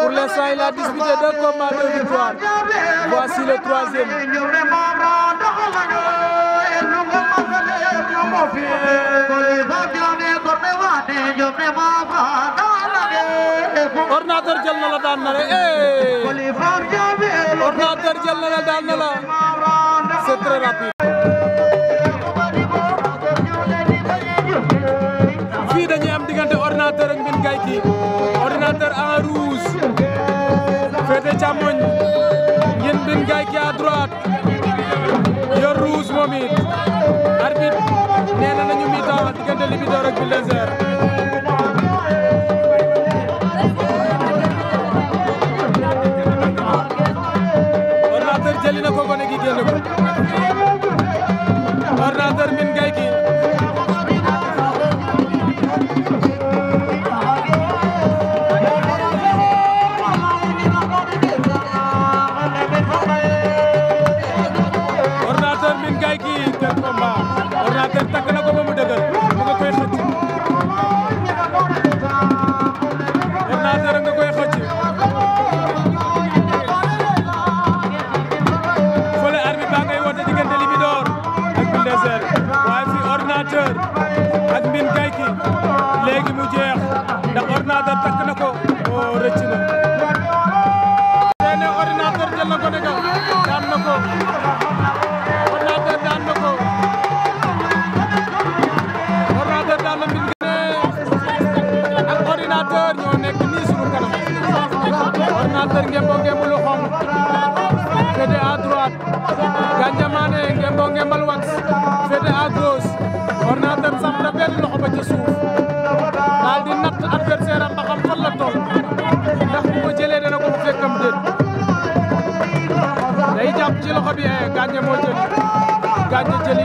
Pour l'instant, il a disputé deux combats de victoire. Voici le troisième. Ordinateur jël na la daan na la eh. Ordinateur jël na la daan na la. C'est très rapide. càmmoñ yéen benn gaay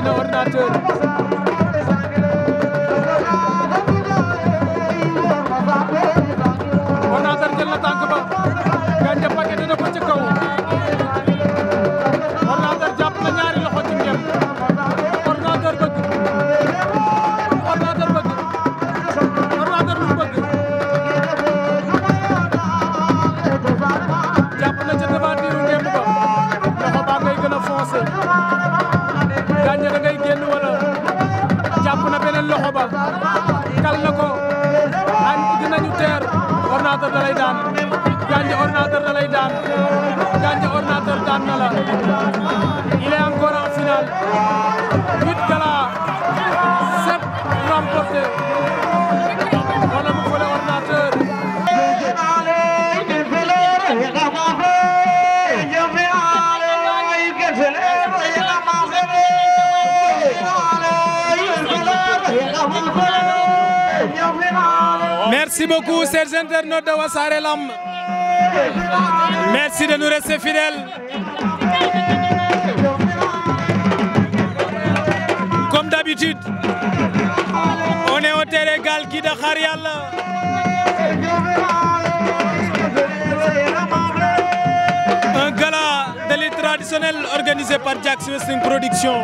na ordinateur ordinateur jël na tànk ba Gandia Paquete na ko ci kaw ordinateur jàpp na ñaari loxo ci ngem ordinateur bëgg ordinateur bëgg ordinateur lu bëgg jàpp na ca devant diiru ngem ba loxo baa ngay gën a foncé ordinateur kal na ko daan ubbi nañu teer ordinateur da lay daan Gandia ordinateur da lay daan Gandia ordinateur daan na la il est encore en finale Merci beaucoup, chers internautes de Wassare Lamb. Merci de nous rester Comme d'habitude, on est au Térégal qui de Kharial. Un gala de lutte traditionnelle organisé par Jax Wrestling Production.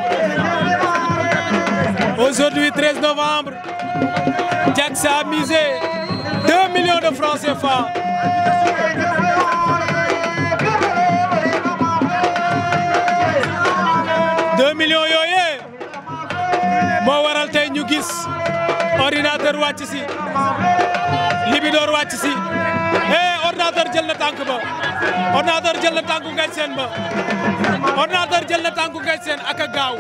Aujourd'hui, novembre. Diaks a misé 2 millions de francs CFA. deux millions yooyee moo waral tey ñu gis ordinateur wàcc si libidoor wàcc si eh, jël na tànk ba ordinateur jël na tànku ngaj ba ordinateur jël na tànku ngaj seen gaaw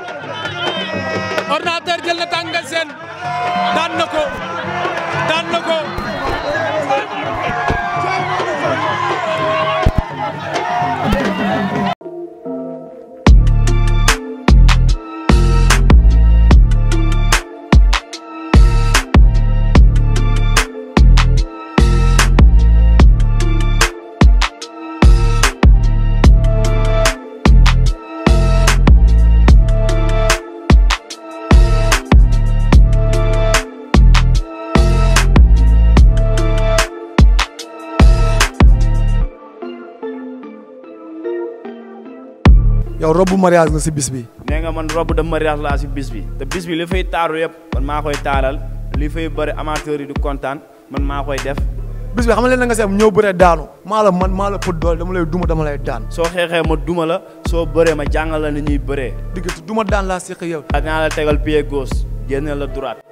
ordinateur jël na tànku ngaj seen ko. na ko yow robu mariage la si bis bi. nee nga man robu de mariage laa si bis bi te bis bi li fay taaru yëpp man maa koy taaral li fay bëri amateurs yi du kontaan man maa koy def. bis bi xam nga leen nga seetlu ñëw bëree daanu maa la man maa la pët doole dama lay duma dama lay daan. soo xeexee ma duma la soo baree ma jàngal la ni ñuy bëree. digg duma daan laa seq yow. dinaa la tegal pie gauche génne la droite.